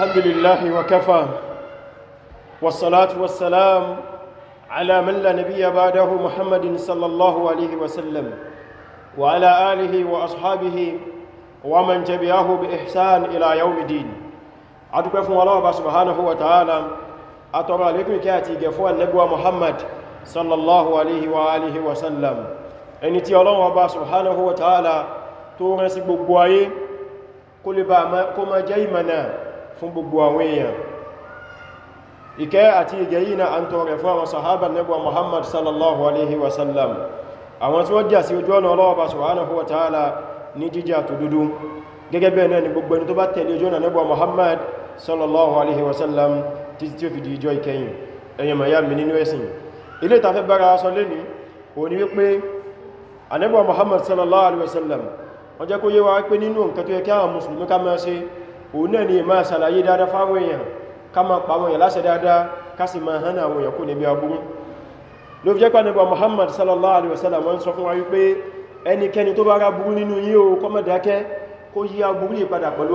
الحمد لله وكفى والصلاة والسلام على من لا نبي بعده محمد صلى الله عليه وسلم وعلى آله وأصحابه ومن تبعه بإحسان إلى يوم الدين أتكفوا الله سبحانه وتعالى أترى لكم كاتي قفوا النبوة محمد صلى الله عليه وآله وسلم ẹni tí الله سبحانه وتعالى تورس ta'ala tó rẹ̀ sí gbogbo fún gbogbo àwọn èèyàn ìkẹ́ àti ìgẹ̀ yìí na a ń tọrẹ fún àwọn sahaba nẹ́gbà muhammad sallallahu alaihi wasallam àwọn tí wọ́n jà sí ojú ọ̀nà ọlọ́ọ̀bá subhanahu wa ta'ala ní jíjà tó dúdú gẹ́gẹ́ bẹ́ẹ̀ náà ni gbogbo ẹni tó bá tẹ̀lé ojú ọ̀nà nẹ́gbà muhammad sallallahu alaihi wasallam títí tí ó fi di ìjọ ìkẹyìn ẹ̀yẹ maya mi nínú òun ni ma ṣàlàyé dáadáa fáwọn èèyàn ká máa pa àwọn èèyàn láṣẹ dáadáa ká sì máa hánà àwọn èèyàn kó níbi aburú ló fi jẹ́ pé Muhammad sallallahu alaihi wasallam wọ́n sọ fún wa wípé ẹnikẹ́ni tó bá ra burú nínú yín o kó má dákẹ́ kó yí aburú yí padà pẹ̀lú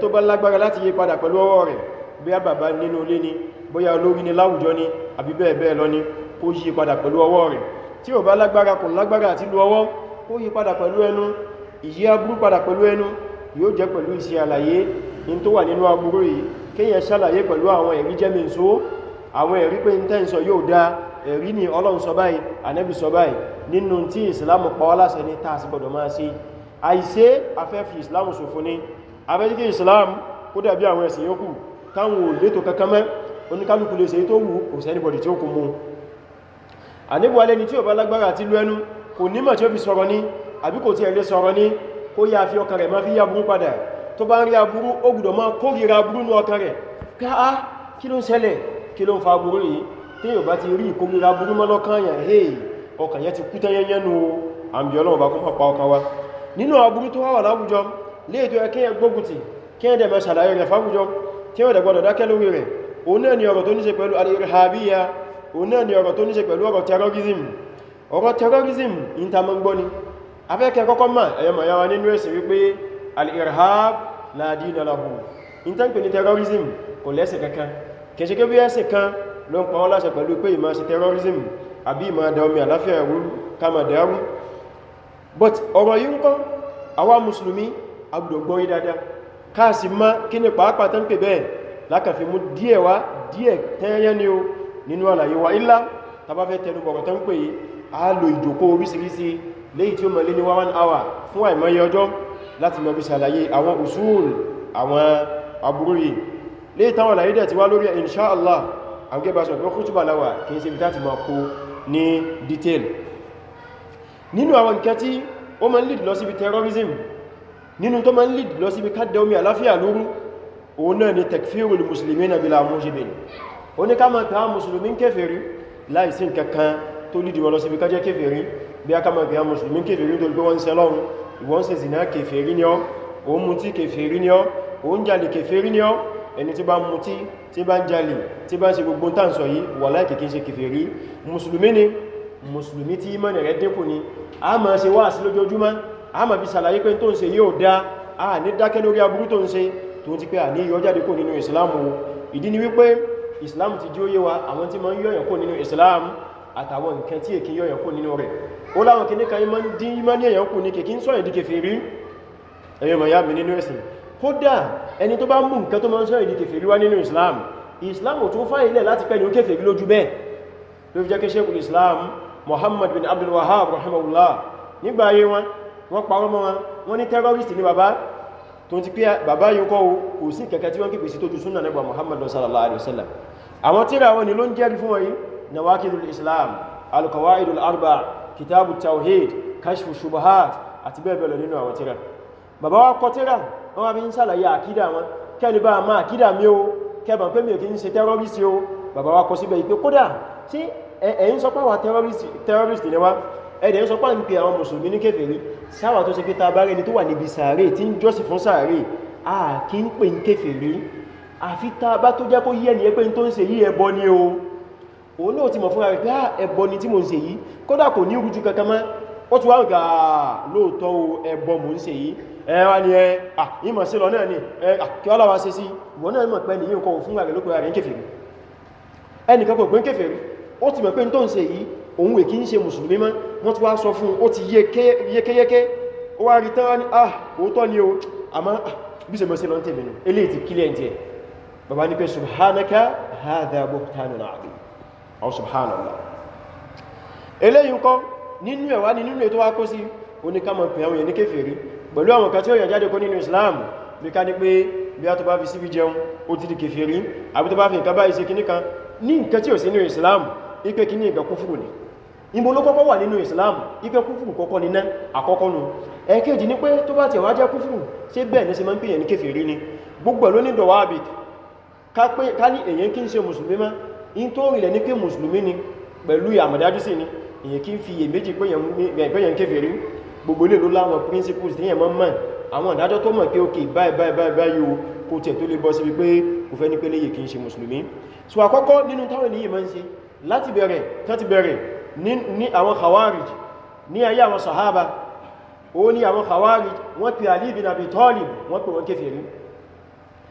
tó bá ni bóyá olórí ni láwùjọ ni àbí bẹ́ẹ̀ bẹ́ẹ̀ lọ ni kó yí padà pẹ̀lú ọwọ́ rẹ̀ tí ò bá yóò jẹ́ pẹ̀lú iṣẹ́ àlàyé in tó wà nínú agbúrú yìí kíyàn ṣàlàyé pẹ̀lú àwọn ẹ̀rí jẹ́mi so àwọn ẹ̀rí pé tẹ́ǹsọ yóò dá ẹ̀rí ni ọlọ́run sọ báyìí ànábì sọ báyìí nínú tí ìsìlámù pa ọlásẹ̀ ní tàà sí gbọdọ̀ máa ṣe àìṣe afẹ́fì ìsìlámù ṣòfò ní afẹ́jíkì ìsìlámù kó dàbí àwọn ẹ̀sìn yókù táwọn ò létò kankan mẹ́ oníkálùkù lè ṣe tó wù kò sẹ́nìbọ̀dì tí ó kù mú àníbò alẹ́ni tí ò bá lágbára àti lú ẹnu kò nímọ̀ tí ó fi kó yá fi ọkàn rẹ̀ máa fi yá burú padà tó bá ń rí aburú ó gbọ́dọ̀ máa kórìíra aburú ní ọkàn rẹ̀ káà kí ló ń ṣẹlẹ̀ kí ló ń fa aburú yìí tí yóò bá ti rí ìkórìíra aburú mọ́ lọ́kàn hey ọkàn yẹn ti kú tẹ́yẹnyẹ́ nu àmì ọlọ́run bá kún pa ọkàn wa nínú aburú tó wà láwùjọ léètò ẹ kí ẹ gbógun tì kí ni ọ̀rọ̀ tó ní ṣe ni ọ̀rọ̀ tó ní ṣe pẹ̀lú ọ̀rọ̀ terrorism ọ̀rọ̀ terrorism ìntàmọ́gbọ́ni afẹ́kẹ́ kọ́kọ́ mọ̀ ẹ̀yẹmọ̀ yawa nínú ẹ̀sìn wípé al-irhab la dina lahu in tán pè ní terrorism kò lẹ́sẹ̀ kankan kẹsẹ̀ kẹ́ bí ẹ̀sẹ̀ kan ló ń pa wọ́n láṣẹ pẹ̀lú pé ìmá ṣe terrorism àbí ìmá da omi àláfíà ẹ̀rú kama dẹ̀rú but ọ̀rọ̀ yìí ń kọ́ àwa mùsùlùmí agbùdọ̀gbọ́ yí dáadáa káàsì má kí ni pàápàá tán pè bẹ́ẹ̀ lákàfi mú díẹ̀ wá díẹ̀ tẹ́yẹ́ ni o nínú àlàyé wa ilá tàbá fẹ́ tẹnubọ̀rọ̀ tán léyìí tí ó mọ̀ lé ní 1 hour fún àìmọye ọjọ́ láti mọ̀ bí ṣàlàyé àwọn usul àwọn aburú yìí léyìí táwọn àlàyé dẹ̀ ti wá lórí insha Allah àwọn gẹ́bà sọ pé kútùbà láwà kí n ṣe bí láti mọ̀ kó ní detail nínú àwọn nǹkan tí ó mọ̀ ń lead lọ síbi terrorism nínú tó mọ̀ ń lead lọ síbi kádẹ omi ká mọ̀ pé bí a kama gbìyàn mùsùlùmí kèfèrí tó gbé wọ́n sẹ́lọ́run ìwọ́n ṣe zìnà kèfèrí ni ọ́ o ń mutí kèfèrí ni ọ́ o ń jalè kèfèrí ni ọ́ ẹni tí bá ń mutí tí bá ń jalè tí bá ń ṣe gbogbo tàn sọ yìí wà láì kìí kèfèrí mùsùlùmí ni mùsùlùmí tí ni ni wípé ìsìlámù ti jí ó wa àwọn tí máa ń yọ̀yàn kò àtàwọn nǹkan tí èkí yọ̀yàn kú nínú rẹ̀ ó láwọn kì ní ka imá dín imá ní èyàn kú ní kìkí ń sọ́yìn dìkẹ̀ fèrí ẹ̀yàn maya mi nínú ẹ̀sìn kódà ẹni tó bá mú nǹkan tó máa ń sọ́yìn dìkẹ̀ fèrí wá nínú Islam Islam ò tún fà ilẹ̀ láti pẹ́ ní ó kèfèrí lójú bẹ́ẹ̀ ló fi jẹ́ kí Sheikhul Islam Muhammad bin Abdul Wahhab rahimahullah nígbà ayé wọn wọ́n parọ́ mọ́ wọn wọ́n ní terrorist ní bàbá tó ti pé bàbá yìí kọ́ kò sí kẹ̀kẹ́ tí wọ́n kìpèsí tó ju súnnà nẹ́bà Muhammad sallallahu alaihi wasallam àwọn tíra wọn ni ló ń jẹ́rìí fún wọn yìí nawakidul الإسلام alkawaidul arba kitabu tawhid kashfu shubahat àti bẹ́ẹ̀ bẹ́ẹ̀ lọ nínú àwọn tírà bàbá wa kọ tírà wọ́n wá ما ń ميو àkídà wọn kẹ́lì bá máa àkídà mi o kẹbàn pé mi ò kí ń ṣe tẹ́rọ́rìsì o bàbá wa kọ síbẹ̀ ìpé kódà tí ẹ̀yin sọ páwà tẹ́rọ́rìsì ni wá ẹ̀dẹ̀ sọ pá ń pè àwọn mùsùlùmí ní kèfèrí sáwà tó ṣe pé tabarẹ́ ni tó wà níbi sàárè tí ń jọ́sìn fún sàárè a kì ń pè ń kèfèrí àfi tá tó jẹ́ kó yẹ́ ni ẹgbẹ́ tó ń ṣe yí ẹbọ ni o O náà ti mọ̀ fúnra rẹ̀ pé ah, ẹbọ ni tí mo ń se yìí kódà kò ní rújú kankan mọ́ ó ti wá ń gà ah, lóòótọ́ ẹbọ mo ń se yìí ẹwà ni ẹ ìmọ̀ ah, sí lọ náà ni kí ọlọ́wà ṣe sí ìwọ̀n náà mọ̀ pé ní yíò kọwọ́ fúnra rẹ̀ ló pẹ̀rẹ̀ ń kèfèrí ẹnìkan kò pé ń kèfèrí ó ti mọ̀ pé ń tó ń se yìí òun ń se mùsùlùmí mọ́ wọ́n ti sọ fún aw subhanallah eléyìn kọ́ nínú ẹ̀wà ní nínú ètò wákó sí oníkàmọ̀ pè àwọn ènìké fèrè pẹ̀lú àwọn kan tí ó yà jáde kó nínú Islam bí ká ní pé bí a tó bá fi síbi jẹun ó ti di kèfèrí àbí tó bá fi nǹkan bá ìṣe kíní kan ní nǹkan tí ò sí nínú Islam ipé kíní ìgbà kúfùrù ni ìbò ló kọ́kọ́ wà nínú Islam ipé kúfùrù kọ́kọ́ ní ná àkọ́kọ́ nu ẹ̀kejì ní pé tó bá ti wá jẹ́ kúfùrù ṣé bẹ́ẹ̀ ní ṣe máa ń pè yẹn in tó rìnlẹ̀ ní pé mùsùlùmí ni pẹ̀lú àmọ̀dájú sí ni èyàn kí ń fi èméjì pẹ́yàn kéfèrí gbogbo ilé ló láwọn principles ní ẹ̀mọ́ mọ̀ àwọn ìdájọ́ tó mọ̀ pé ok báyìí báyìí báyìí o kò tẹ̀ tó lè bọ́ sí wípé kò fẹ́ ní pé léyè kí ń ṣe mùsùlùmí so àkọ́kọ́ nínú táwọn ènìyàn máa ń ṣe láti bẹ̀rẹ̀ tàti bẹ̀rẹ̀ ní àwọn khawarij ní ayé àwọn sahaba ó ní àwọn khawarij wọ́n pè Ali bin Abi Talib wọ́n pè wọ́n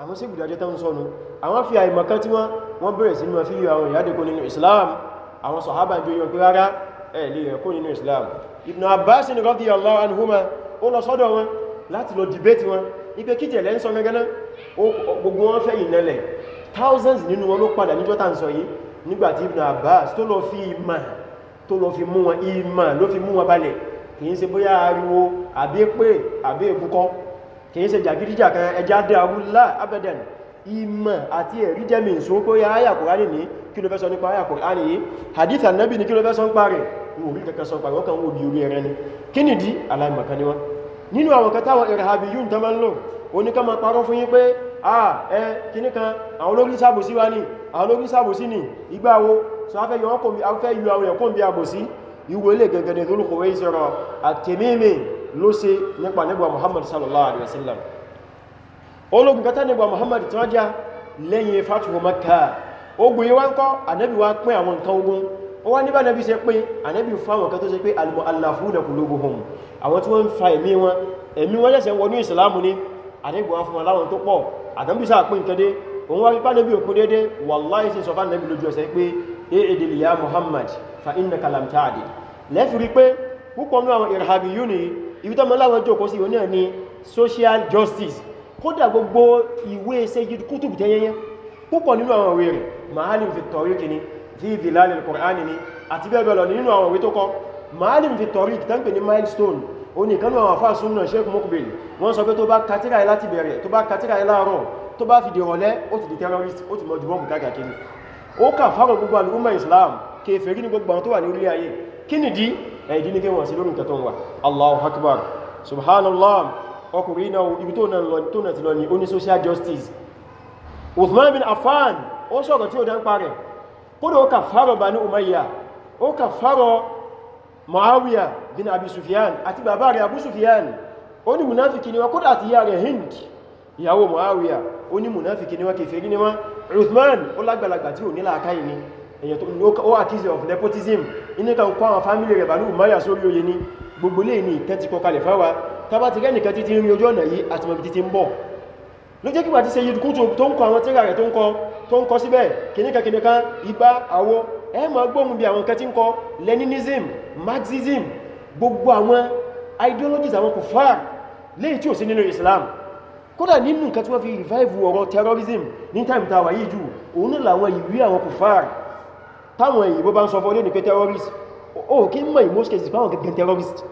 àwọn sí ìgbìdájẹ́ tán sọ́nu àwọn fi àìmọ̀kan tí wọ́n bẹ̀rẹ̀ sínú fi yíò àwọn ìyádẹ́ kó nínú Islam àwọn sọ̀hábà jẹ́ yọ pé rárá ẹ̀ lè rẹ̀ kó nínú Islam Ibn Abbas radiyallahu anhuma ó lọ sọ́dọ̀ wọn láti lọ dìbẹ́tì wọn ipé kíjẹ̀ lẹ́ ń sọ gẹ́gẹ́ náà gbogbo wọn fẹ́ ìnẹlẹ̀ thousands nínú wọn ló padà níjọ́ tàn sọ yìí nígbàtí Ibn Abbas tó lọ fi ìmà tó lọ fi mú wọn ìmà ló fi mú wọn balẹ̀ kìí ṣe bóyá ariwo àbí pé kìí ṣe jàgídíjà kan ẹja dáwúlá abẹ́dẹ̀n ìmọ̀ àti ẹ̀rí jẹ́mì ìṣòkó ya ayà Kùránì ní kí ló fẹ́ sọ nípa ayà Kùránì yìí hadith annabi ní kí ló fẹ́ sọ ń parẹ̀ orí kẹkẹ sọ parẹ̀ wọ́n kan wòbí orí ẹrẹ ni kí ni dí aláìmọ̀kan ni wọ́n nínú àwọn kẹtàwọn ìrẹ̀hábi yún tán máa ń lò oníkàmà parọ́ fún yín pé ah ẹ kíní kan ló ṣe nípa nígbà muhammad sallallahu alaihi wasallam ológun kata nígbà muhammad tí wọ́n já lẹ́yìn fatuhu makka ogun yíwá ń kọ́ ànábì wá pín àwọn nǹkan ogun ó wá níbà nábì ṣe pín ànábì fáwọn kan tó ṣe pé al-mu'allafuna qulubuhum àwọn tí wọ́n ń fa ẹ̀mí wọn ẹ̀mí wọ́n ṣẹ̀ṣẹ̀ wọnú ìsìlámù ni ànábì wá fún wọn láwọn tó pọ̀ ànábì sáà pín nǹkan dé òun wá pípa nábì òkú dédé wàláì sí sọfá nábì lójú ẹsẹ̀ pé i'dil ya muhammad fa innaka lam ta'dil lẹ́fìrí pé púpọ̀ nú àwọn irhabi yuni ibi tọ́mọ láwọn jòkó sí oní ẹni social justice kódà gbogbo ìwé Sayyid Qutb tẹ́yẹyẹ púpọ̀ nínú àwọn òwe rẹ̀ Ma'alim fi Tariq ni fi Dhilalil Qur'an ni àti bẹ́ẹ̀ lọ nínú àwọn òwe tó kọ Ma'alim fi Tariq tán pè ní milestone ó ní ìkánú àwọn àfáà súnmọ̀ Sheikh Muqbil wọ́n sọ pé tó bá katira ẹ láti bẹ̀rẹ̀ tó bá katira ẹ láàárọ̀ tó bá fìdí ọ̀lẹ́ ó ti di terrorist ó ti mọ̀ jùmọ̀ bùkákà kí ni ó kà fáwọn gbogbo alùmọ̀ Islam kèfèrí ní gbogbo àwọn tó wà ní orílẹ̀ ayé kí nìdí ẹ̀dí ní kí wọ́n sí lórí nǹkan tó ń wà Allahu Akbar subhanallah ọkùnrin náà ibi tó náà ti lọ ní oní social justice Uthman bin Affan ó sọ̀rọ̀ tí ó dá ń parẹ̀ kódò ó kàfàrọ̀ Banu Umayya ó kàfàrọ̀ Muawiya bin Abi Sufyan àti bàbá rẹ̀ Abu Sufyan ó ní munafiki ni wọ́n kódà àti ìyá rẹ̀ Hind ìyàwó Muawiya ó ní munafiki ni wọ́n kèfèrí ni wọ́n Uthman ó lágbàlagbà tí ò ní làákàyè ni èyàn tó ní ó accuse of nepotism iná kan kọ́ àwọn family rẹ̀ bàlú maya sórí oyè ní gbogbo lè ní ìkẹ́ ti kọ kalẹ̀ fáwa tàbá ti rẹ́nìkan títí rí ojú ọ̀nà yìí àti mọ̀bí títí ń bọ̀ ló jẹ́ kíwà ti ṣe yìí Marxism gbogbo àwọn ideologies àwọn kùfàr léè tí Islam kódà nínú nǹkan tí wọ́n fi revive ọ̀rọ̀ terrorism ní time tàwà yìí jù òun náà làwọn ìwé àwọn kùfàr táwọn èyí bó bá ń sọ fún olé ní pé terrorist o kí mọ̀ in most cases báwọn gẹ̀gẹ̀ terrorist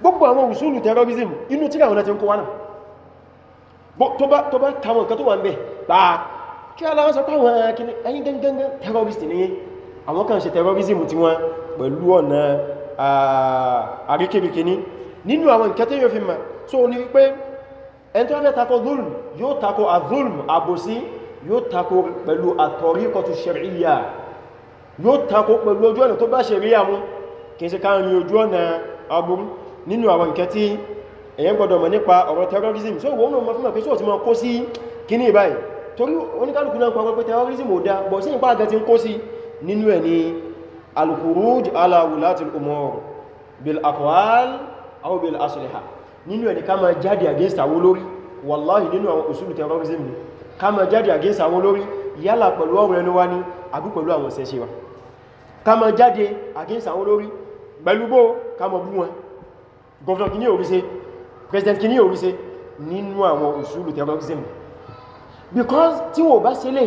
gbogbo àwọn òṣùlù terrorism inú tíra wọn láti ń kó wánà tó bá tàwọn nǹkan tó wà ń bẹ̀ bá kí aláwọ́ sọ pàwọn ẹ̀yìn gẹ́gẹ́gẹ́ terrorist ní àwọn kan ṣe terrorism tí wọ́n pẹ̀lú ọ̀nà àríkèrèkè ní nínú àwọn nǹkan tí yóò fi mọ̀ so ní wípé ẹni tó fẹ́ takọ yóò tako pẹ̀lú àtọ̀ríkọtù ṣẹ̀ríyà yóò tako pẹ̀lú ojú ọ̀nà tó bá ṣẹ̀ríyà mú kìí ṣe káàrin ojú ọ̀nà agbóm nínú àwọn nǹkan tí èyàn gbọdọ̀ mọ̀ nípa ọ̀rọ̀ terrorism so wọ́n mọ̀ fún àpẹsọ́ ti mọ̀ kó sí kíní ìbáyìí torí oníkálùkù náà pàpẹ́ pé terrorism ò dá bọ̀ sí ìpá àgẹ́ ti ni al ala wulatil umur bil aqwal aw bil asliha nínú ẹ̀ ni ká máa against àwọn olórí wallahi nínú àwọn usul terrorism ni ká má jáde against àwọn olórí yálà pẹ̀lú ọ̀rọ̀ ẹnu wa ní àbí pẹ̀lú àwọn ṣẹ́ṣẹ́ wa ká má jáde against àwọn olórí pẹ̀lú bó ká má bú wọn governor kìíní oríṣẹ́ president kìíní oríṣẹ́ nínú àwọn òṣùlù terrorism because tí wọ́n bá ṣe lè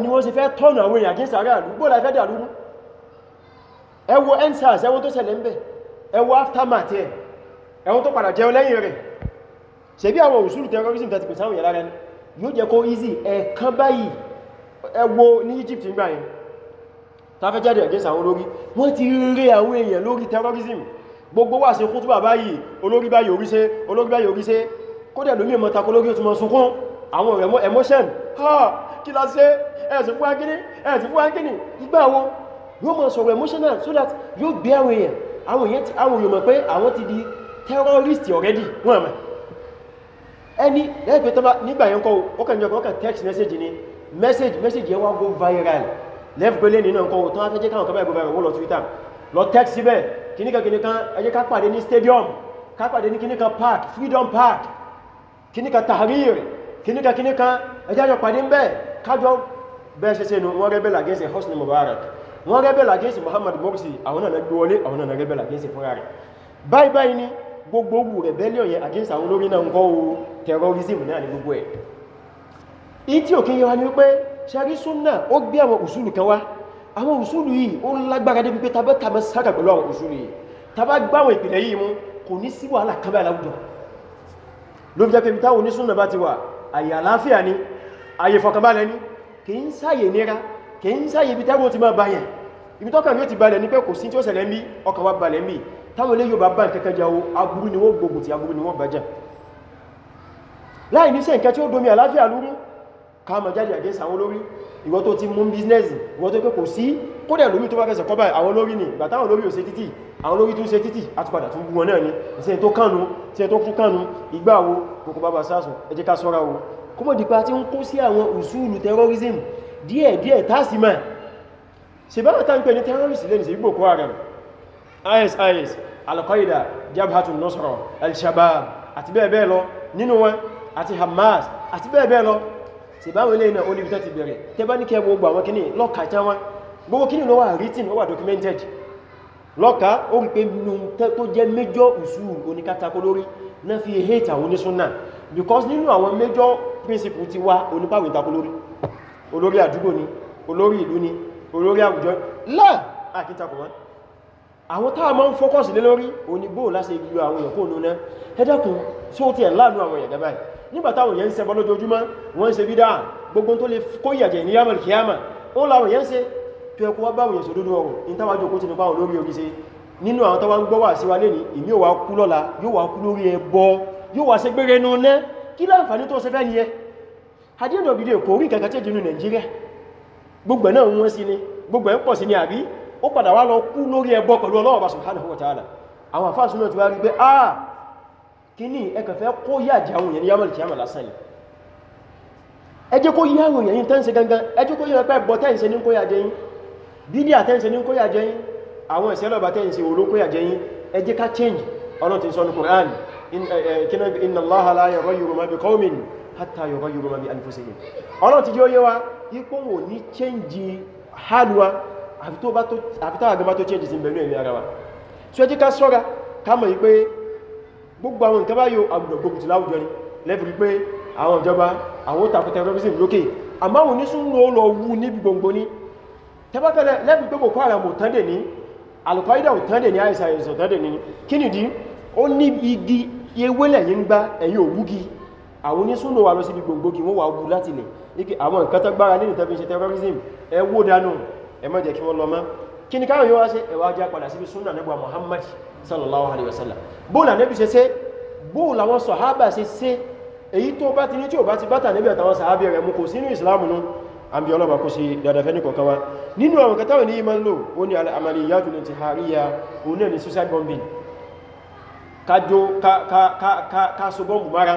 ni wọ́n ṣe fẹ́ àwọn against ara àlú bó la fẹ́ dàlú mú ẹ wo ensars ẹ wo tó ṣẹlẹ̀ ń bẹ̀ ẹ wo aftermath ẹ òṣùlù terrorism 30% yẹ̀ lára ẹni yóò jẹ́ kó easy ẹ̀ẹ̀kan báyìí ẹ wò ní Egypt nígbà yẹn tafẹ́ jáde against àwọn olórí wọ́n ti rí àwọn èèyàn lórí terrorism gbogbo wà sí kútùbà báyìí olórí báyìí oríṣẹ́ olórí báyìí oríṣẹ́ kódẹ̀ lómi ìmọ̀takó lórí tó mọ̀ sunkún àwọn emotion ha kí la ṣe ẹ̀sìn fún akíní ẹ̀sìn fún akíní ìgbà wọn yóò mọ̀ sọ̀rọ̀ emotional so that yóò gbé àwọn èèyàn àwọn èèyàn mọ̀ pé àwọn ti di terrorist already wọ́n mọ̀ ẹni lẹ́gbẹ̀ẹ́ tọ́lá nígbà yẹn kọ́ ọkànjọ́ ọkàn text message ni message message yẹn wá go viral lẹ́fgbẹ́lẹ́ nínú nǹkan tó wá fẹ́ jẹ́ káwọn kọ́bẹ̀ go viral wọ́n lọ Twitter lọ text síbẹ̀ kìníkan kìníkan ẹ jẹ́ ká pàdé ní stadium ká pàdé ní kìníkan park freedom park kìníkan tahrir kìníkan kìníkan ẹ jẹ́ àjọ pàdé ń bẹ́ẹ̀ kájọ bẹ́ẹ̀ ṣe sẹ́nu wọ́n rebel against Hosni Mubarak wọ́n rebel against Muhammad Morsi àwọn náà gbé wọlé àwọn náà rebel against fúnra rẹ̀ báyìí ni gbogbo wù rebellion yẹn against àwọn olórin náà ń kọ́ o terrorism náà ní gbogbo ẹ̀ èyí tí òkè yẹwa ni wípé ṣarí súnnà ó gbé àwọn òṣùlù kan wá àwọn òṣùlù yìí ó lágbára débi pé tabẹ́ tabẹ́ sára pẹ̀lú àwọn òṣùlù yìí tabá gbáwọn ìpìlẹ̀ yìí mú kò ní sí wàhálà kábẹ́ aláwùjọ ló fi jẹ́ pé táwọn onísúnnà bá ti wà àyè àlàáfíà ni àyè fọkànbalẹ̀ ni kì í sáyè nira kì í sáyè ibi tẹ́rù ti máa bayẹ̀ ibi tọ́kàn yóò ti balẹ̀ ní pé kò sí tí ó ṣẹlẹ̀ ń bí ọkàn wa balẹ̀ ń bí táwọn ilé yóò bá bá nǹkan kẹjọ agbúrú ni wọ́n gbogbo ti agbúrú ni wọ́n bàjá láì níṣẹ́ nǹkan tí ó domi àláfíà lúrú káàmà jáde àgẹ́sà àwọn olórí ìwọ tó ti mú bíznẹ́sì ìwọ tó pé kò sí kódà lómi tó bá fẹsẹ̀ kọ́ báyìí àwọn olórí ni bàtà àwọn olórí ò ṣe títì àwọn olórí tún ṣe títì àtúpadà tún gbùwọ̀n náà ni ṣe tó kànú ṣe tó kún kànú ìgbà wo kòkò bàbá sáàsùn ẹ jẹ́ ká sọ́ra wo kó mọ̀ dípa tí ń kó sí àwọn ùsùlù terrorism díẹ̀ díẹ̀ tásìmà ṣe bá wà tá ń pè ní terrorist lẹ́nu sí Boko Haram isis al-qaida jabhatu nusra al-shabab àti bẹ́ẹ̀ bẹ́ẹ̀ lọ nínú wọn àti hamas àti bẹ́ẹ̀ bẹ́ẹ̀ lọ ṣe báwọn ilé iná olùbítà ti bẹ̀rẹ̀ tẹ́ bá ní kẹ́ gbogbo àwọn kíní lọ́ka ìtàn wọn gbogbo kíní ló written ó documented lọ́ka ó ń pè nù tó jẹ́ major usul oníkátàkó lórí na fi hate àwọn onísúnnà because nínú àwọn major principle ti wá onípàwò ìtàkó lórí olórí àdúgbò ni olórí ìlú ni olórí àwùjọ láà àkítàkó wọn àwọn táà máa ń fọ́kọ̀sì lé lórí onígbò láti yíò àwọn èèyàn kó nù náà ẹ̀dàkùn tí ó ti ẹ̀ láàánú àwọn èèyàn dábàá nígbàtàwọn èèyàn ń ṣẹbọ lójoojúmọ́ wọ́n ń ṣe bídá gbogbo tó lè kó ìyàjẹ̀ ní yamal kiyama ó láwọn èèyàn ṣe tó ẹkù wá báwọn èèyàn sọ dúdú ọrùn ní táwájú òkú ti ní báwọn lórí orí ṣe nínú àwọn táwọn gbọ́ wà síwá lè ní ìmí ò wá kú ni ẹ adéǹdọ̀ dìde kò rí kankan tẹ́jì nù Nàìjíríà gbogbo náà wọ́n sí ni gbogbo ẹ̀ ni àbí ó padà wá lọ kú lórí ẹbọ pẹ̀lú Ọlọ́run bá subhanahu wa ta'ala àwọn àfáà súnmọ̀ tí wá rí pé ah kí ní ẹkàn fẹ́ kó yà jẹ àwọn èèyàn ní yamal kiyama lásán ni ẹ jẹ́ kó yà àwọn èèyàn tẹ́ǹsẹ̀ gangan ẹ jẹ́ kó yà pẹ́ bọ́ tẹ́ǹsẹ̀ ní kó yà jẹ yín bídí àtẹ́ǹsẹ̀ ní kó yà jẹ change Ọlọ́run ti sọ ní Qur'an eh, eh, inna Allaha la yughayyiru ma bi hatta yughayyiru ma bi anfusihim Ọlọ́run ti jẹ́ ó yé wa ipò wò ní change haluwa àfi táwọn agbẹ́bá tó change sí ìbẹ̀lú ẹ̀mí ara wa so ẹjí ká sọ́ra ká mọ̀ wípé gbogbo àwọn nǹkan báyò agbègbè láwùjọ ni lẹ́bìrí pé àwọn ìjọba àwọn tako terrorism lókè àmọ́ àwọn onísùn ló lọ wú níbi gbogbo ní tẹ́bátẹ́lẹ̀ lẹ́bìrí pé kò kọ́ ara mọ̀ tán dè ní alùpàídà ò tán dè ní àìsàn àìsàn tán dè ní kí nìdí ó ní igi ewélẹ̀ yìí ń gbá ẹ̀yìn òwúgi àwọn onísùn ló wà lọ síbi gbogbo kí wọ́n wà wú láti lẹ̀ àwọn nǹkan tó gbára nínú tẹ́bí ṣe terrorism ẹ wó dànù ẹ má jẹ́ kí wọ́n lọ mọ́ kí ni káwọn yóò wá sí ẹwà ajá padà síbi súnà nẹ́gbà Muhammad sallallahu alaihi wasallam bóòlà nẹ́bí ṣe ṣe bóòlà wọn sàhábà ṣe ṣe èyí tó bá ti ní tí ò bá ti bátà níbi àtàwọn sàhábì rẹ̀ mú kò sí inú ìsìlámù nú àbí ọlọ́bà kó sí dandafẹ́ ní kọ̀ọ̀kan wá nínú àwọn kẹtàwọn ní ìmọ̀ lò ó ní al-amaliyatu al-intihariya òun náà ní suicide bombing kájó káso bọ́m̀bù mára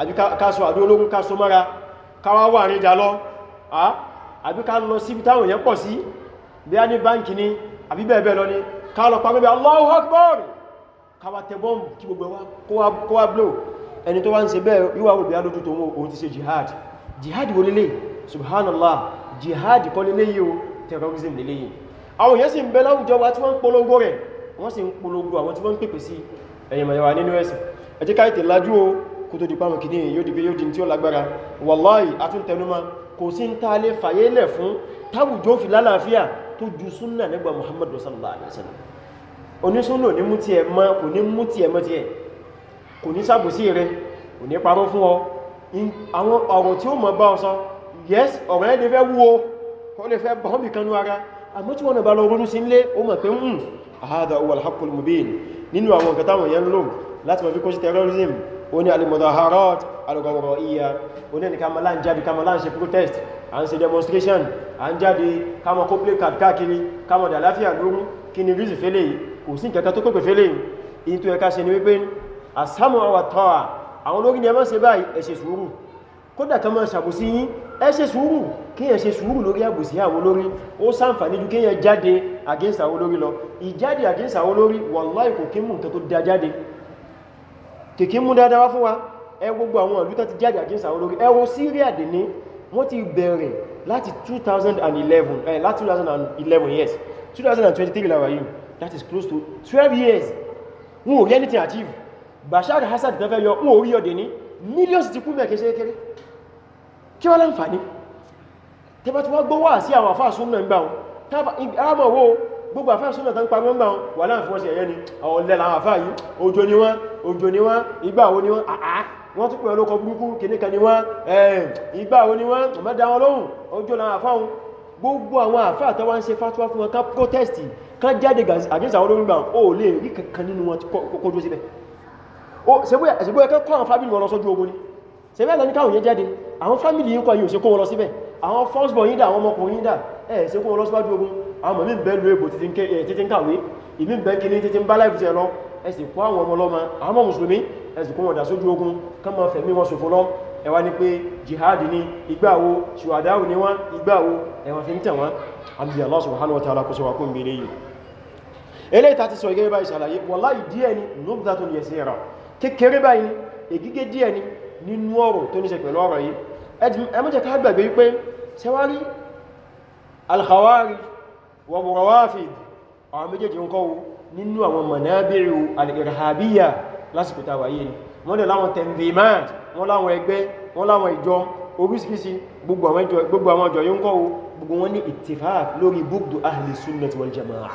àbí káso àdó ológun káso mára káwá wà àbí ká lọ síbi táwọn èèyàn pọ̀ sí bí a ní báǹkì ni àbí bẹ́ẹ̀bẹ́ lọ ni ká lọ pa bẹ́ẹ̀ Allahu Akbar ká wá tẹ bọ́ọ̀mù kí gbogbo wa kó wá blow ẹni tó wá ń ṣe bẹ́ẹ̀ yíwá wò bí a lójú ti ṣe jihad jihad wo lélẹ̀ subhanallah jihad kọ́ lélẹ̀ yìí o terrorism lélẹ̀ yìí àwọn èèyàn sì ń bẹ láwùjọ wa tí wọ́n ń polongo rẹ̀ wọ́n polongo àwọn tí wọ́n ń pèpè sí ẹ̀yìn mọ̀yàwá nínú ẹ̀sìn ẹ jẹ́ ká ìtẹ̀lájú o kó tó di pàmò kìíní yóò di bí yóò di tí ó lágbára wallahi kò sí ń ta lè fàyé lẹ̀ fún táwùjọ fi lálàáfíà tó ju súnà nígbà Muhammad sallallahu alaihi wasallam onísúnà ní mú ti ẹ̀ mọ́ kò ní mú ti ẹ̀ mọ́ ti ẹ̀ kò ní sàbòsí rẹ kò ní parọ́ fún ọ àwọn ọ̀rọ̀ tí ó mọ̀ bá ọ sọ yes ọ̀rọ̀ ẹ̀ lè fẹ́ wú o kọ́ lè alùgbọ̀gbọ̀rọ̀ iya oní ẹni kamala ń jáde kamala ń ṣe protest à ń ṣe demonstration à ń jáde kamọ kó play card káàkiri kamọ dàláfíà lórí kí ni rízi fẹ́lẹ̀ yìí kò sí nǹkan tó pẹ̀pẹ̀ fẹ́lẹ̀ yìí in tó ẹka ṣe ni wípé asámọ̀ àwà tọ́wà àwọn olórí ni ẹ má ṣe báyìí ẹ ṣe sùúrù kódà kan máa ṣàbòsí yín ẹ ṣe sùúrù kíyàn ṣe sùúrù lórí àbòsí àwọn olórí ó ṣàǹfààní ju kíyàn jáde against àwọn olórí lọ ìjáde against àwọn olórí wallahi kò kí mú nǹkan tó dá jáde kìkí mú dáadáa wá fún wa ẹ gbogbo àwọn ìlú tán ti jáde against àwọn olórí ẹ wo Syria dè ní wọ́n ti bẹ̀rẹ̀ láti 2011 eh, láti 2011 yes 2023 làwà yìí that is close to 12 years wọn ò rí anything achieve Bashar al-Assad tán fẹ́ yọ wọn ò rí ọdẹ ní millions ti kú mẹ́kẹ́ ṣe kéré kí wọ́n láǹfààní tẹbà tí wọ́n gbọ́ wà sí àwọn àfáà súnmọ̀ ń gbà wọn àmọ̀ wo gbogbo àfáà súnmọ̀ tán parí ń gbà wọn wà láàrín fún ọ̀sẹ̀ ẹ̀yẹ́ ni àwọn lẹ́la àwọn àfáà yìí ọjọ́ ni wọ́n ọjọ́ ni ni wọ́n àá wọ́n tún pẹ̀lú ọkọ̀ burúkú kìníkà ni wọ́n ìgbà wo ni wọ́n mẹ́dá wọn lóhùn ọjọ́ láwọn àfáhùn gbogbo àwọn àfáà tó wá ń ṣe fatuwa fún wọn ká protest ká jáde against àwọn olórin gbà ó lè rí kankan nínú wọn kójú síbẹ̀ ṣègbó ẹ̀kẹ́ kọ́ àwọn fámìlì wọn lọ sójú ogun ni ṣègbó ẹ̀lẹ́ni káwọn yẹn jáde àwọn fámìlì yìí ń kọ́ yìí ò ṣe kó wọn lọ síbẹ̀ àwọn first born yìí dà àwọn ọmọkùnrin yìí dà ẹ̀ ṣe kó wọn lọ síwájú ogun àwọn mí bẹ́ lórí èbò títí ń kàwé ìmí bẹ́ kí ní títí ń bá láìpẹ́ lọ ẹ̀ sì kó àwọn ọmọ ọlọ́mọ àwọn mùsùlùmí ẹ̀sùnkún wọn dà sójú ogun kán máa fẹ̀mí wọn ṣòfò lọ ẹ wá ní pé jihad ní ìgbàwo ṣùwàdáwò ní wọ́n ìgbàwo ẹ̀wọ̀n fi ń tẹ̀ wọ́n àbí Allah subhanahu wa ta'ala kó sọ wà kún bí léyìí eléyìí tàti sọ ìgẹ́gẹ́ báyìí ṣàlàyé wallahi díẹ̀ ni nubdatun yasira kékeré àwọn méjèèjì ń lásìkò tá a wà yìí ni wọ́n dẹ̀ láwọn tẹ̀m̀dìmáàdì wọ́n láwọn ẹgbẹ́ wọ́n láwọn ìjọ oríṣiríṣi gbogbo àwọn ìjọ yóò ń kọ́ gbogbo wọn ní ìtìfàk lórí búgbù ahli sunnah wal jama'a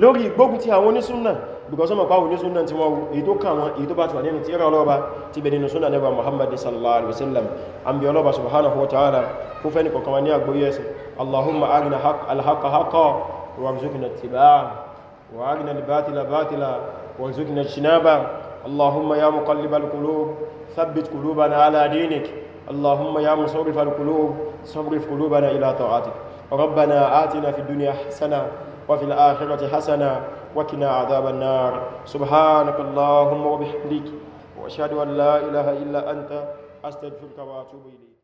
lórí ìgbógun ti àwọn onísúnnà because ọmọ pàwọn onísúnnà tí wọ́n èyí tó kà wọn èyí tó bá ti wà nínú tí ìrọ̀ ọlọ́ba ti bẹ̀ nínú súnnà nẹ́bà Muhammad sallallahu alaihi wasallam an bí ọlọ́ba اللهم يا مقلب القلوب ثبت قلوبنا على دينك اللهم يا مصرف القلوب صرف قلوبنا إلى طاعتك ربنا آتنا في الدنيا حسنة وفي الآخرة حسنة وكنا عذاب النار سبحانك اللهم وبحمدك وأشهد أن لا إله إلا أنت أستغفرك وأتوب إليك